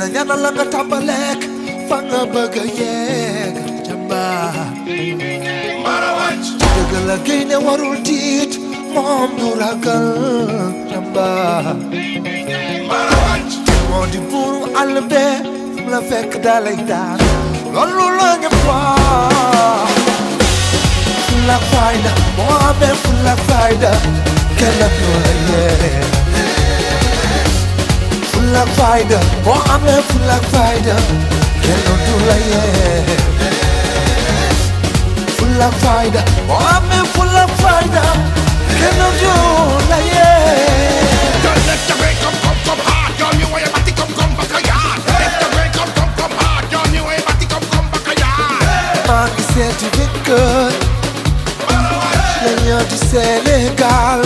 la ñaanal la nga tàmbaleek fa nga bëgg a yeeg jàmbaar marawaj dëgg la génne warul tiit moom du ragal jàmbaar marawaj moo di buuru àll bee la fekk dalay daan loolu la nga faa fulla fayda moo amee fulla fayda kenn du la yeeg fulla ak fayda boo amee fulla ak fayda kenn du la yee fulla ak fayda boo amee fulla ak fayda kenn du la yee don't let the way come come come hard yoon ñu woye batti come come baka yaar let the way come come come hard yoon ñu woye batti come come baka yaar maa ngi seeti jëkkër la ñoo di Sénégal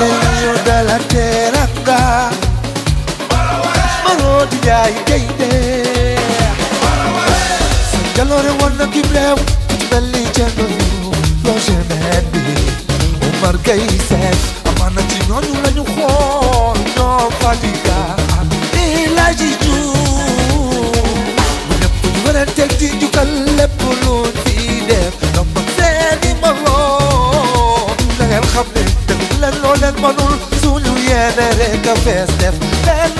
la ñoo dala teranga moo di jaay gaynde sa jaloore war na kim réew ku ci mel ni Thierno loo semaine bi Omar Gueye Seck amaana ci ñooñu la ñu xool la ji juum mu ñëpp ñu war a teg fees def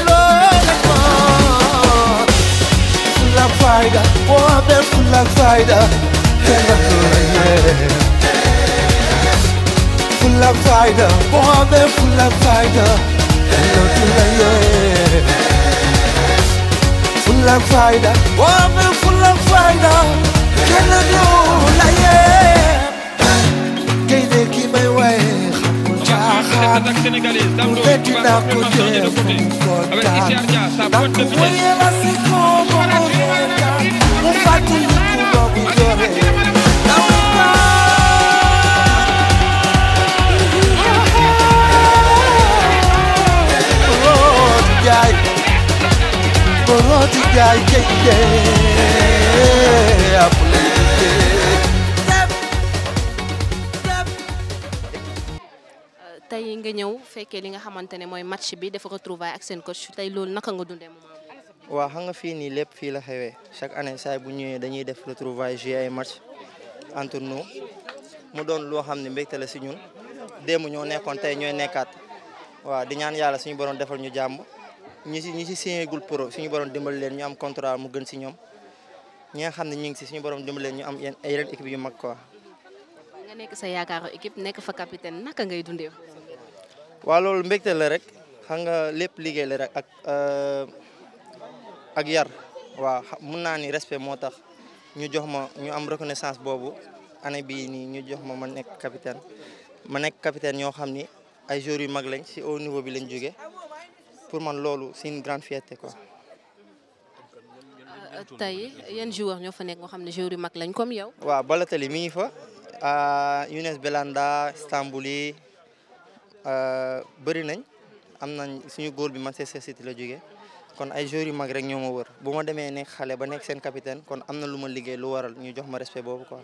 fayda kenn dootu la yee fulla fayda boo amee fulla fayda kenn dootu la yee fulla fayda boo amee fulla fayda kenn dootu la yee gaynde gi may waye xamul caaxaan mu metti naa ko dee fu mu kontaan naa ko waye la si ko mu kontaan mu fàttali Njaay jëjjee ab tey nga ñëw fekkee li nga xamante ne mooy match bi ko retrouvaille ak seen coach tey loolu naka nga dundee moom. waa xam nga fii nii lépp fii la xewee chaque année saa bu ñëwee dañuy def retrouvaille jouer ay match entre nous mu doon loo xam ne mbégte la si ñun démb ñoo nekkoon tey ñooy nekkaat waaw di ñaan yàlla suñu borom defal ñu jàmm. ñu si ñi si signé gul pro suñu borom dimbali leen ñu am contrat mu gën si ñoom ñi xam ne ñu ngi si suñu borom dimbali leen ñu am yenn ay yeneen yu mag quoi. nekk sa yaakaaru équipe nekk fa capitaine naka ngay dundee. waaw loolu mbégte rek xam nga lépp liggéey la rek ak euh, ak yar waaw naa ni respect moo tax ñu jox ma ñu am reconnaissance boobu année bii nii ñu jox ma ma nekk capitaine ma nekk capitaine ñoo xam ni ay joueurs yu mag lañ si au niveau bi lañ jóge pour man loolu c'est une grande fierté quoi. tey yan joueur ñoo fa nekk nga xam ne joueur yu mag lañ comme yow. waaw Balotelli mi ngi fa belanda ah, Belhanda Stambouli ah, bëri nañ am nañ suñu góor bi Manchester City la jógee kon ay joueurs yu mag rek ñoo ma wër bu ma demee nekk xale ba nekk seen capitaine kon am na lu ma liggéey lu waral ñu jox ma respect boobu quoi.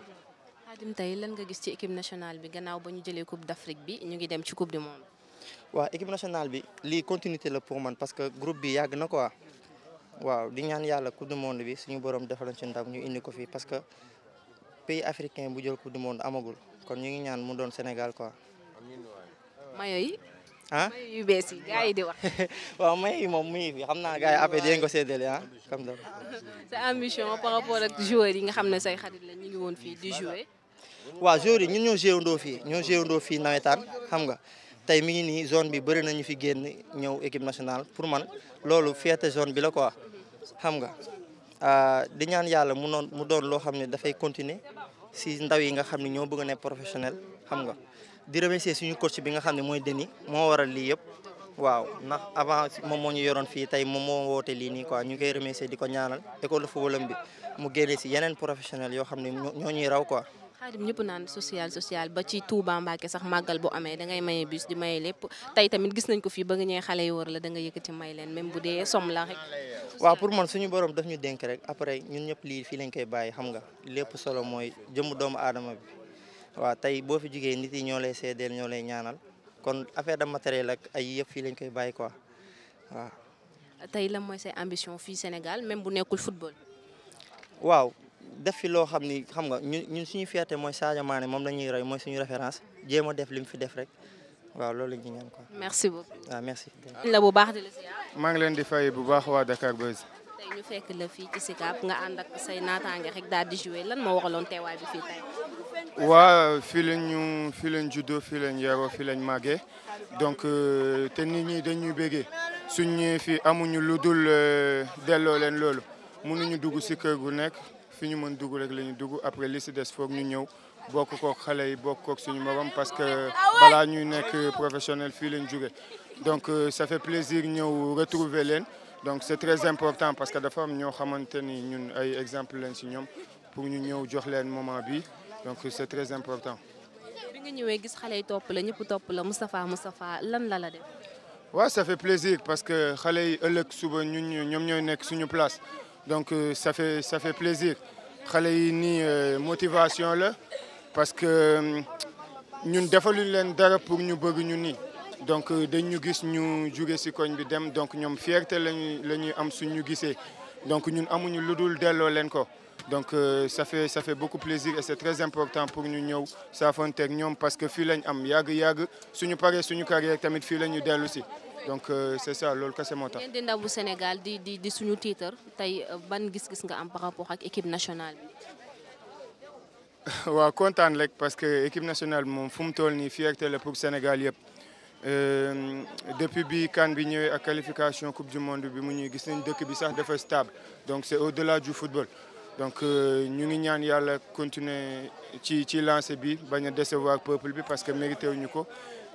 Khadim tey lan nga gis ci équipe nationale bi gannaaw ba ñu jëlee coupe d'Afrique bi ñu ngi dem ci coupe du waa équipe nationale bi lii continuité la pour man parce que groupe bi yàgg na quoi waaw di ñaan yàlla coupe du monde bi suñu boroom defal nañ ci ndam ñu indi ko fii parce que pays africain bu jël coupe du amagul kon ñu ngi ñaan mu doon Sénégal quoi. mayo yi. wax. waaw moom mu ngi fi xam naa ko séddale ah comme ça. yi nga xam ne say xarit la ñu ngi woon fii di jouer. waaw joueurs ñu ñun ñoo géewandoo fii ñoo géewandoo fii nawetaan xam nga. tey mi ngi nii zone bi bëri nañu fi génn ñëw équipe nationale pour man loolu fierté zone bi la quoi xam nga ah, di ñaan yàlla mu noon mu doon loo xam ne dafay continuer si ndaw yi nga xam ne ñoo bëgg ne nekk professionnel xam nga di remercier suñu coach bi nga xam ne mooy Denis moo waral lii yëpp waaw ndax avant moom moo ñu yoroon fii tey moom moo woote lii nii quoi ñu koy remercier di ko ñaanal école de football bi mu génnee si yeneen professionnel yoo xam ne ñoo ñuy raw quoi xaadim ñëpp naan social social ba ci Touba Mbacke sax màggal bu amee da ngay maye bus di maye lépp tey tamit gis nañ ko fii ba nga ñëwee xale yi war la da nga yëkkati may leen même bu dee som la rek. waaw pour man suñu ñu dénk rek après ñun ñëpp lii fii lañ koy bàyyi xam nga lépp solo mooy jëmu doomu aadama bi waaw tey boo fi jugee nit yi ñoo lay seedeel ñoo lay ñaanal kon affaire de matériel ak ay yëpp fii lañ koy bàyyi ko waaw. tey lan mooy say ambition fii Sénégal même bu nekkul football. waaw def fi loo xam ni xam nga ñun ñun suñu fierté mooy Sadio Mané moom la ñuy roy mooy suñu référence jéem a def li fi def rek waaw loolu la ñu ñaan quoi. merci beaucoup merci. la bu baax maa ngi leen di fay bu baax waa Dakar Buzz. tey ñu fekk la fii ci Sicap nga ànd ak say naataange rek daal di lan moo waraloon teewaay bi fii waa fii lañ ñu fii lañ juddoo fii lañ yaroo fii lañ màggee donc euh, te nit ñi dañuy béggee suñ ñëwee fii amuñu lu dul euh, delloo leen loolu mun mënuñu dugg si kër gu nekk. fi ñu mën dugg rek la ñu dugg après li si des foog ñu ñëw bokk kook xale yi bokk kook suñu morom parce que balaa ñuy nekk professionnel fii lañ jóge donc euh, ça fait plaisir ñëw retrouver leen donc c'est très important parce que dafa am ñoo xamante ni ñun ay exemple leen si ñoom pour ñu ñëw jox leen moment bi donc c'est très important. bi nga ñëwee gis xale yi topp la ñëpp topp la parce que xale yi ëllëg suba ñun ñoom ñooy nekk suñu place. donc euh, ça fait ça fait plaisir xale yi nii euh, motivation la parce que euh, ñun defaluñ leen dara pour ñu bëgg ñu nii donc dañ ñu gis ñu juge si koñ bi dem donc ñoom fierté lañuy la ñuy am suñ ñu gisee donc ñun amuñu lu dul delloo leen ko donc euh, ça fait ça fait beaucoup plaisir et c'est très important pour ñu ñëw saafonteeg ñoom parce que fii lañ am yàgg yàgg suñu paree suñu carrière tamit fii la ñu dellu si donc euh, c'est ça loolu kese moo tax. ngeen di ndaw Sénégal di di di suñu titre tey euh, ban gis-gis nga am par rapport ak équipe nationale bi. kontaan rek parce que équipe nationale moom fu mu toll nii fierté tele pour Sénégal yëpp depuis bi CAN bi ñëwee ak qualification coupe du monde bi mu ñuy gis nañ dëkk bi sax dafa stable donc c'est au-delà du football. donc euh, ñu ngi ñaan yàlla continuer ci ci lancé bi bañ a décevoir peuple bi parce que mérité wuñu ko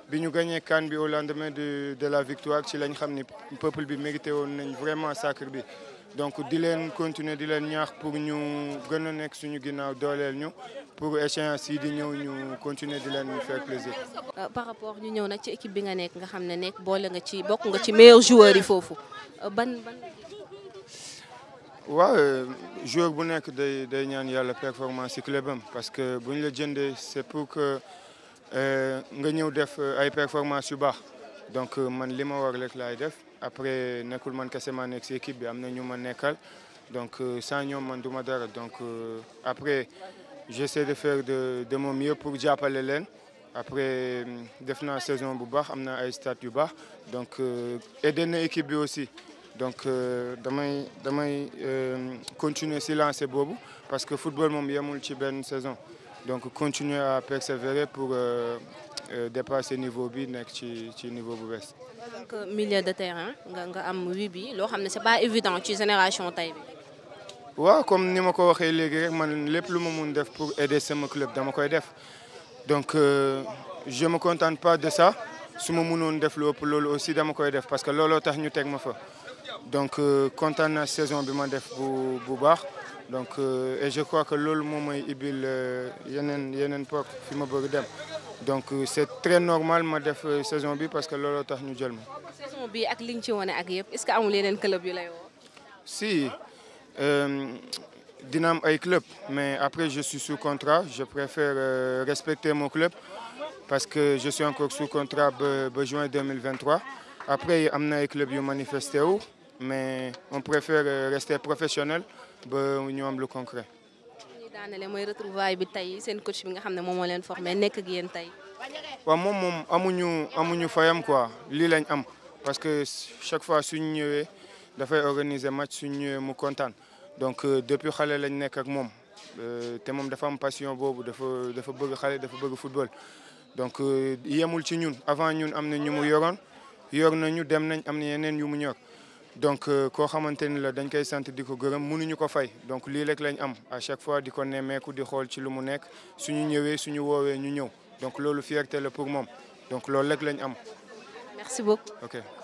bi ñu gagné CAN bi au lendemain de de la victoire ci lañ xam ni peuple bi mérité woon nañ vraiment sacre bi donc di leen continuer di leen ñaax pour ñu gën a nekk suñu ginnaaw dooleel ñu pour échéance yi di ñëw ñu continuer di leen faire plaisir. Euh, par rapport ñu ñëw nag ci équipe bi nga nekk nga xam ne nekk boole nga ci bokk nga ci meilleurs joueurs yi foofu euh, waaw joueur bu nekk day day ñaan yàlla performance ci club parce que bu ñu la jëndee c'est pour que euh, nga ñëw def euh, ay performance yu baax donc euh, man li ma war rek laay def après nekkul man kese maa nekk si équipe bi am na ñu ma nekkal donc sans ñoom man du ma dara donc après j'essaie de faire de de mon mieux pour jàppale leen après def naa saison bu baax am na ay stats yu baax donc aider na équipe bi aussi donc euh, damay damay euh, continuer si lancer boobu parce que football moom yemul ci benn saison donc continuer à persévérer pour euh, dépasser niveau bi nekk ci ci niveau bu bees. donc milieu de terrain nga nga am wii bi loo xam ne c'est pas évident ci génération tey bi. waaw comme ni ma ko waxee léegi rek man lépp lu ma mun def pour aider sama club dama koy def donc je me contente pas de ça. su ma mënoon def lu ëpp loolu aussi dama koy def parce que looloo tax ñu teg ma fa donc euh, kontaan saison bi ma def bu bu baax donc euh, et je crois que loolu moom mooy ibil euh, yeneen yeneen pok fi ma bëgg dem donc c'est très normal ma def saison bi parce que looloo tax ñu jël ma. saison bi ak liñ ci wane ak yëpp est-ce que amul yeneen club yu lay si dina am ay club mais après je suis contrat je préfère respecter mon club. parce que je suis encore sous contrat ba ba juin 2023 après am na ay club yu manifesté wu mais on préfère euh, rester professionnel ba ñu am lu concret. mooy retrouvaille bi tey seen coach bi nga xam ne moom moo leen formé nekk ak yéen tey. waaw moom moom amuñu amuñu fayam quoi lii lañ am parce que chaque fois suñ ñëwee dafay organiser match suñ ñëwee mu kontaan donc euh, depuis xale lañ nekk ak moom euh, te moom dafa am passion boobu dafa dafa bëgg xale dafa bëgg football. donc euh, yemul ci ñun avant ñun am na ñu mu yoroon yor nañu dem nañ am na yeneen yu mu ñor donc euh, koo xamante ni la dañ koy sant di ko gërëm mënuñu ko fay donc lii rek lañ am à chaque fois di ko nemmeeku di xool ci lu mu nekk su ñu ñëwee su ñu woowee ñu ñëw donc loolu fierté la pour moom donc loolu rek lañ am. merci ok.